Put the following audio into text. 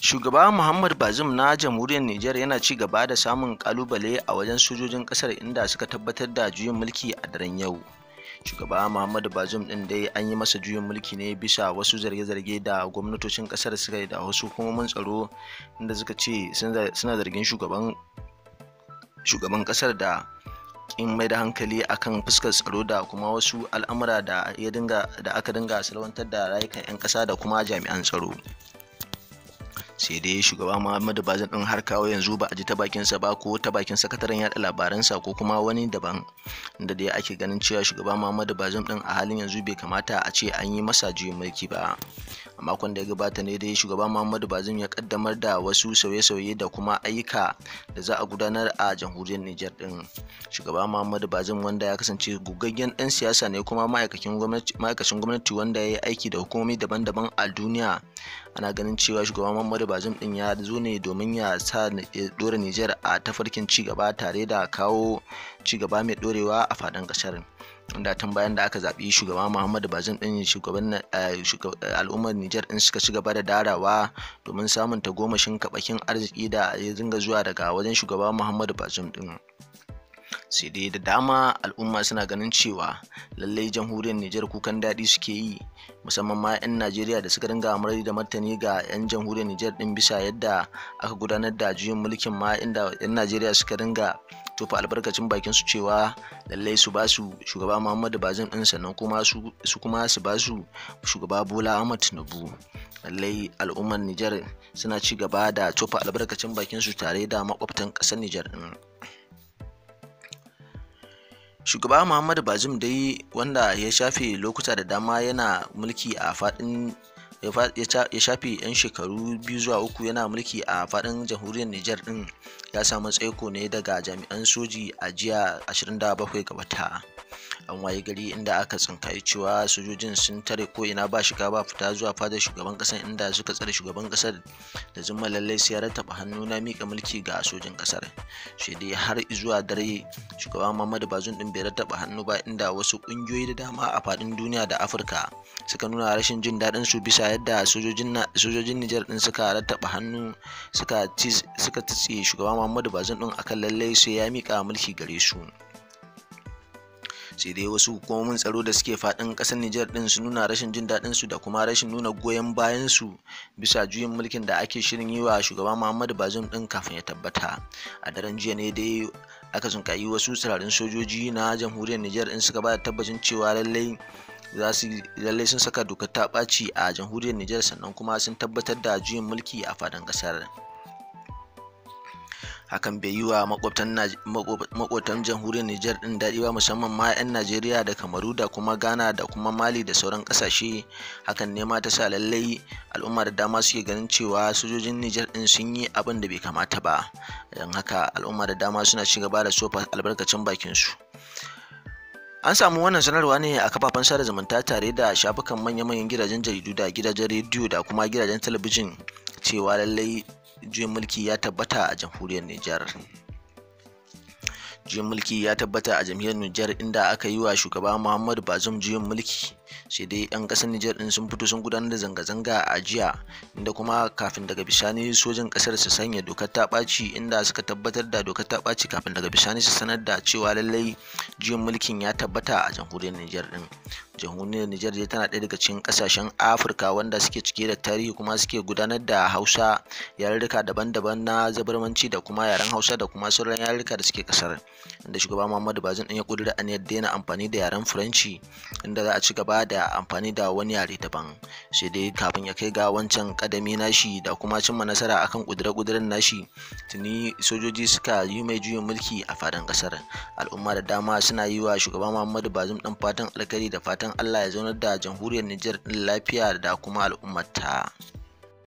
Shugaba Muhammad Bazum na jamhuriyar Nijar yana ci gaba da samun kalubale a wajen sojojin kasar inda suka tabbatar da juyin mulki a daren yau. Shugaba Muhammad Bazum din dai an yi masa juyin mulki ne bisa wasu zarge-zarge da gwamnatocin kasar suka yi da wasu hukumomin tsaro inda suka ce suna zargin shugaban shugaban kasar da kin mai da hankali akan fuskar tsaro da kuma wasu al'amura da aka dinga salwantar da rayukan 'yan kasa da kuma jami'an tsaro. sai dai shugaba muhammadu bazin din har kawo yanzu ba a ji ta bakinsa ba ko ta bakin sakataren yada sa ko kuma wani daban inda dai ake ganin cewa shugaba muhammadu bazin din a halin yanzu bai kamata a ce an yi masa juyin mulki ba a makon da ya gabata ne dai shugaba muhammadu bazin ya kaddamar da wasu sauye-sauye da kuma ayyuka da za a gudanar a jamhuriyar niger din shugaba muhammadu bazin wanda ya kasance gugaggen dan siyasa ne kuma ma'aikacin gwamnati wanda ya yi aiki da hukumomi daban-daban a duniya ana ganin cewa shugaban Muhammadu bazum din ya zo ne domin ya sa dora Nijar a tafarkin cigaba tare da kawo cigaba mai dorewa a fadin kasar inda tun bayan da aka zaɓi shugaba muhammadu bazin ɗin eh, shugaban al'ummar nijar ɗin suka ci gaba da darawa domin samun tagomashin kaɓakin arziki da ya zinga zuwa daga wajen shugaba muhammadu bazin ɗin sai dai da dama al'umma suna ganin cewa lallai jamhuriyar nijar kukan daɗi suke yi musamman ma 'yan najeriya da suka dinga amurari da martani ga 'yan jamhuriyar nijar ɗin bisa yadda aka gudanar da juyin mulkin ma inda 'yan najeriya suka dinga tofa albarkacin bakin su cewa lallai su ba su shugaba muhammadu bazin ɗin sannan kuma su kuma su ba su shugaba bola ahmad tinubu lallai al'ummar nijar suna ci gaba da tofa albarkacin bakin su tare da makwabtan ƙasar nijar ɗin shugaba muhammadu bazum dai wanda ya shafe lokuta da dama yana mulki a fadin ya shafe 'yan shekaru biyu zuwa uku yana mulki a fadin jamhuriyar niger din ya samu tsaiko ne daga jami'an soji a jiya 27 ga wata an waye gari inda aka tsinkayi cewa sojojin sun tare ko ina ba shiga ba fita zuwa fadar shugaban kasar inda suka tsare shugaban kasar da zuma lallai sai ya rattaba hannu na mika mulki ga sojin kasar shi dai har zuwa dare shugaban Muhammadu Bazoum din bai rataba hannu ba inda wasu kungiyoyi da dama a fadin duniya da Afirka suka nuna rashin jin daɗin su bisa yadda sojojin sojojin Niger din suka rattaba hannu suka suka tsiye shugaban Muhammadu Bazoum din akan lallai sai ya mika mulki gare su. sai dai wasu hukumomin tsaro da suke faɗin kasar Nijar ɗin su nuna rashin jin daɗin su da kuma rashin nuna goyon bayan su bisa juyin mulkin da ake shirin yi wa shugaban Muhammadu Bazoum din kafin ya tabbata. A daren jiya ne dai aka sunkayi wasu tsirarin sojoji na jamhuriyar Nijar ɗin suka ba da tabbacin cewa lallai za su lallai sun saka dokar ta ɓaci a jamhuriyar Nijar sannan kuma sun tabbatar da juyin mulki a fadin ƙasar. hakan bai yi wa makwabtan jamhuriyar Nijar din daɗi ba musamman ma 'yan Najeriya da Kamaru da kuma Ghana da kuma Mali da sauran ƙasashe hakan ne ma ta sa lallai al'umma da dama suke ganin cewa sojojin Nijar din sun yi abin da bai kamata ba don haka al'umma da dama suna ci gaba da sofa albarkacin bakin su an samu wannan sanarwa ne a kafafen sada zumunta tare da shafukan manya-manyan gidajen jaridu da gidajen rediyo da kuma gidajen talabijin cewa lallai juyin mulki ya tabbata a jamhuriyar Nijar. Juyin mulki ya tabbata a jamhuriyar Nijar inda aka yi wa shugaba Muhammadu Bazum juyin mulki sai dai 'yan kasar Nijar din sun fito sun gudanar da zanga-zanga a jiya inda kuma kafin daga bisani sojin kasar su sanya dokar ta ɓaci inda suka tabbatar da dokar ta ɓaci kafin daga bisani su sanar da cewa lallai jiyan mulkin ya tabbata a jamhuriyar Nijar din jamhuriyar Nijar dai tana ɗaya daga cikin kasashen Afirka wanda suke cike da tarihi kuma suke gudanar da Hausa yarurruka daban-daban na zabarmanci da kuma yaren Hausa da kuma sauran yarurruka da suke kasar inda shugaba Muhammadu Bazin din ya kudura aniyar daina amfani da yaren Furanci inda za a ci gaba da amfani da wani yare daban sai dai kafin ya kai ga wancan kadami nashi da kuma cimma nasara akan kudura kuduren nashi tuni sojoji suka yi mai juyin mulki a fadan kasar al'umma da dama suna yi wa shugaban muhammadu bazum dan fatan alkari da fatan allah ya zaunar da jamhuriyar niger lafiya da kuma ta.